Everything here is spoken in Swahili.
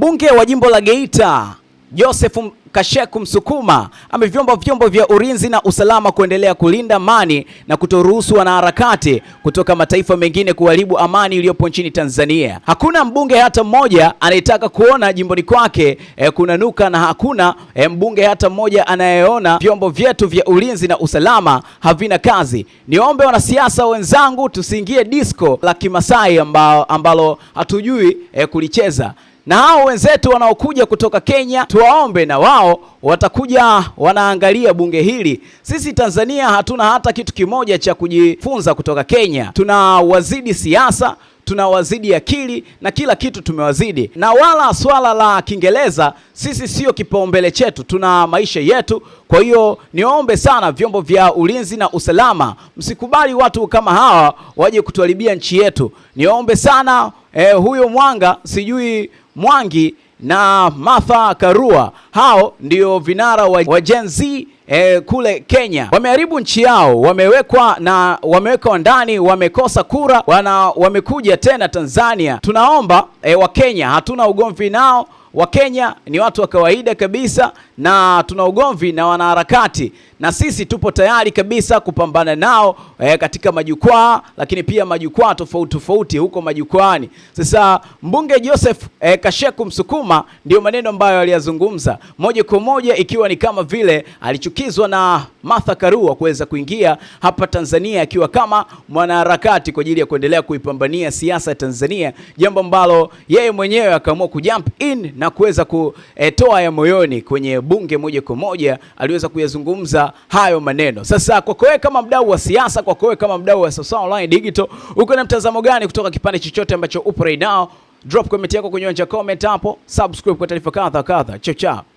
Mbunge wa jimbo la Geita Joseph Kasheku Msukuma amevyomba vyombo vya ulinzi na usalama kuendelea kulinda amani na kutoruhusu wanaharakati kutoka mataifa mengine kuharibu amani iliyopo nchini Tanzania. Hakuna mbunge hata mmoja anayetaka kuona jimboni kwake kuna eh, kunanuka na hakuna eh, mbunge hata mmoja anayeona vyombo vyetu vya ulinzi na usalama havina kazi. Niombe wanasiasa wenzangu tusiingie disco la Kimasai ambalo, ambalo hatujui eh, kulicheza na hao wenzetu wanaokuja kutoka Kenya tuwaombe na wao watakuja wanaangalia bunge hili. Sisi Tanzania hatuna hata kitu kimoja cha kujifunza kutoka Kenya. Tunawazidi siasa, tunawazidi akili na kila kitu tumewazidi, na wala swala la Kiingereza sisi sio kipaumbele chetu, tuna maisha yetu. Kwa hiyo niombe sana vyombo vya ulinzi na usalama, msikubali watu kama hawa waje kutuharibia nchi yetu. Niombe sana eh, huyo mwanga sijui Mwangi na Martha Karua hao ndio vinara wa, wa Gen Z e, kule Kenya wameharibu nchi yao, wamewekwa na wamewekwa ndani, wamekosa kura, wana wamekuja tena Tanzania. Tunaomba eh, Wakenya, hatuna ugomvi nao. Wakenya ni watu wa kawaida kabisa, na tuna ugomvi na wanaharakati, na sisi tupo tayari kabisa kupambana nao e, katika majukwaa, lakini pia majukwaa tofauti tofauti huko majukwaani. Sasa mbunge Joseph e, Kasheku Msukuma, ndio maneno ambayo aliyazungumza moja kwa moja, ikiwa ni kama vile alichukizwa na Martha Karua kuweza kuingia hapa Tanzania akiwa kama mwanaharakati kwa ajili ya kuendelea kuipambania siasa ya Tanzania, jambo ambalo yeye mwenyewe akaamua kujump in na kuweza kutoa ya moyoni kwenye bunge. Moja kwa moja aliweza kuyazungumza hayo maneno. Sasa kwako wewe kama mdau wa siasa, kwako wewe kama mdau wa Sawasawa Online Digital, uko na mtazamo gani kutoka kipande chochote ambacho upo right now? Drop comment yako kwenye anja comment hapo, subscribe kwa taarifa kadha kadha. Chao chao.